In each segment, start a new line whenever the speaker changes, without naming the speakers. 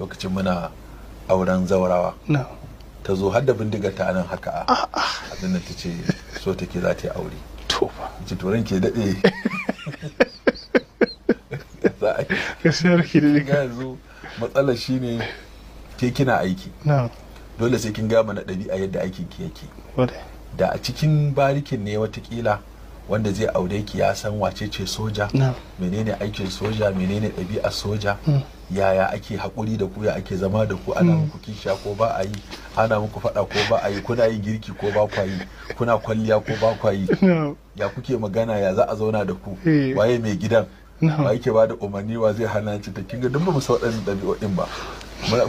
lokacin muna auren zaurawa ta zo har da bindigar ta nan haka a ah, ah. abin ta ce so ta ke za ta yi aure to turan ke daɗe da ga matsalar shine ke kina aiki dole sai kin gama na ɗabi'a yadda aikin ki yake da a cikin barikin ne watakila wanda zai aure ki ya san wace ce soja menene aikin soja menene ɗabi'a soja hmm. yaya ake haƙuri da ku ya ake zama da ku ana mm. muku kisha ko ba a yi ana muku faɗa ko ba a yi kuna yin girki ko ba kwa yi kuna kwalliya ko ba kwa yi ya kuke magana ya za a zauna da ku eh. waye mai gidan ba yake ba da umarni wa zai hana ci ta kinga duk ba mu da ɗan ɗabi'o'in ba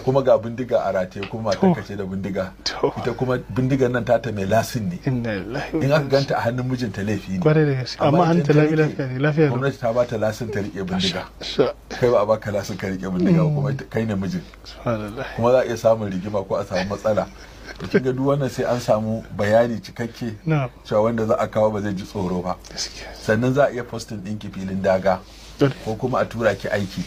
kuma ga bindiga a rataye kuma ta kace da bindiga ita kuma bindigan nan tata mai lasin ne in aka ganta a hannun mijinta laifi ne amma hannun ta lafiya ne gwamnati ta ba ta lasin ta riƙe bindiga kai ba a baka lasin ka rike bindiga daga kuma kai ne mijin kuma za a iya samun rigima ko a samu matsala to kin ga duk wannan sai an samu bayani cikakke cewa wanda za a kawo ba zai ji tsoro ba sannan za a iya din ɗinki filin daga ko kuma a tura ki aiki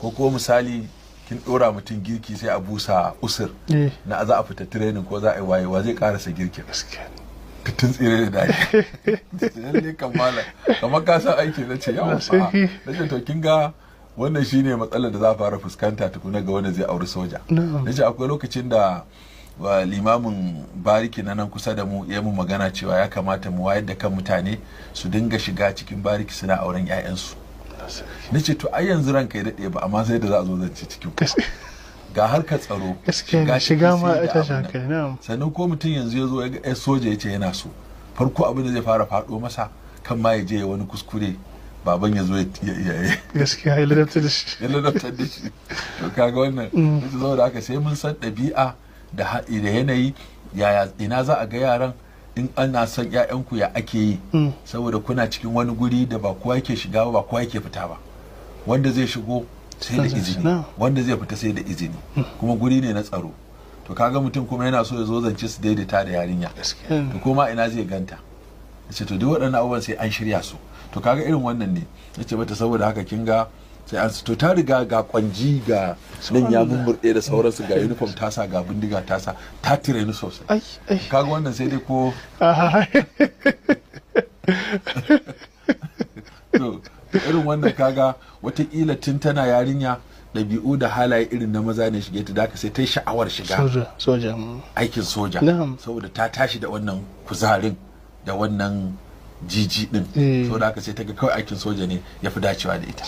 ko kuma misali kin dora mutum girki sai a busa usur eh. na za a fita training ko za a yi wayewa zai karasa girkin tun tsire da daki ne kamala kamar ka san aiki na ce yawa na ce to kin ga wannan shine matsalar da za fara fuskanta tukuna ga wanda zai auri soja na ce akwai lokacin da limamin bariki na nan kusa da mu ya mu magana cewa ya kamata mu wayar da kan mutane su dinga shiga cikin bariki suna auren 'ya'yansu na ce to ai yanzu ranka ya daɗe ba amma sai da za a zo zance cikin ga harkar tsaro shiga shiga ma ita shakai na'am sannan ko mutum yanzu ya zo ya soja ya ce yana so farko abin da zai fara faɗo masa kan ma ya je wani kuskure baban ya zo ya gaskiya ya ladabta da shi ya ladabta da shi to kaga wannan mm. ita da haka sai mun san ɗabi'a da yanayi yaya ina za a ga yaran in ana son ku ya ake yi mm. saboda kuna cikin wani guri da ba kowa yake shiga ba kowa yake fita ba wanda zai shigo sai da izini wanda zai fita sai da izini mm. kuma guri ne na tsaro to kaga mutum kuma yana so ya zo zance su daidaita da yarinya to koma ina zai ganta ce to duk waɗannan abubuwan sai an shirya su to kaga irin wannan ne ya ce mata saboda haka kin ga sai an to ta riga ga kwanji ga nan ya mummurɗe da sauransu ga uniform tasa ga bindiga tasa ta tire ni sosai kaga wannan sai dai ko to irin wannan kaga watakila tun tana yarinya ɗabi'u da halaye irin na maza ne shige ta daka sai ta yi sha'awar shiga soja mm. aikin soja saboda ta tashi da wannan kuzarin da wannan jiji din to eh. da aka ce ta ga kawai aikin soja ne ya fi dacewa da ita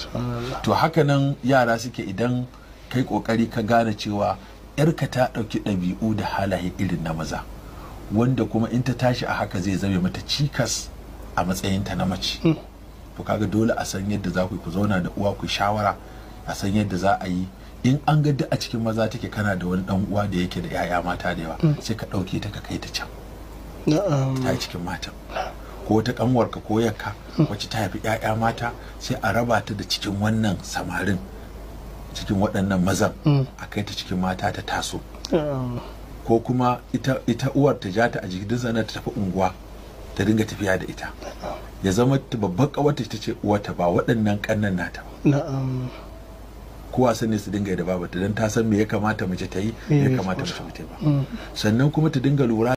to haka nan yara suke idan kai kokari ka gane cewa yarka ta dauki ɗabi'u da halaye irin na maza wanda kuma in ta tashi a haka zai zame mata cikas a matsayinta na mace hmm. to kaga dole a san yadda za ku zauna da uwa ku shawara a san yadda za a yi in an ga a cikin maza take kana da wani dan uwa da yake da 'ya'ya mata da yawa hmm. sai ka ɗauke ta ka kai ta can ta cikin matan ko ta kanwarka ko yakka wacce ta haifi 'ya'ya mata sai a raba ta da cikin wannan samarin cikin waɗannan mazan mm. a kai ta cikin mata ta taso ko kuma ita uwar ta ja ta a jikin zanen ta tafi unguwa ta dinga tafiya da ita ya zama babban kawarta ta ce uwarta ba waɗannan ƙannan nata ba ko wasan ne su dinga da babata don ta san me ya kamata mace ta yi ya eh, kamata mace ta ba mm. sannan kuma ta dinga lura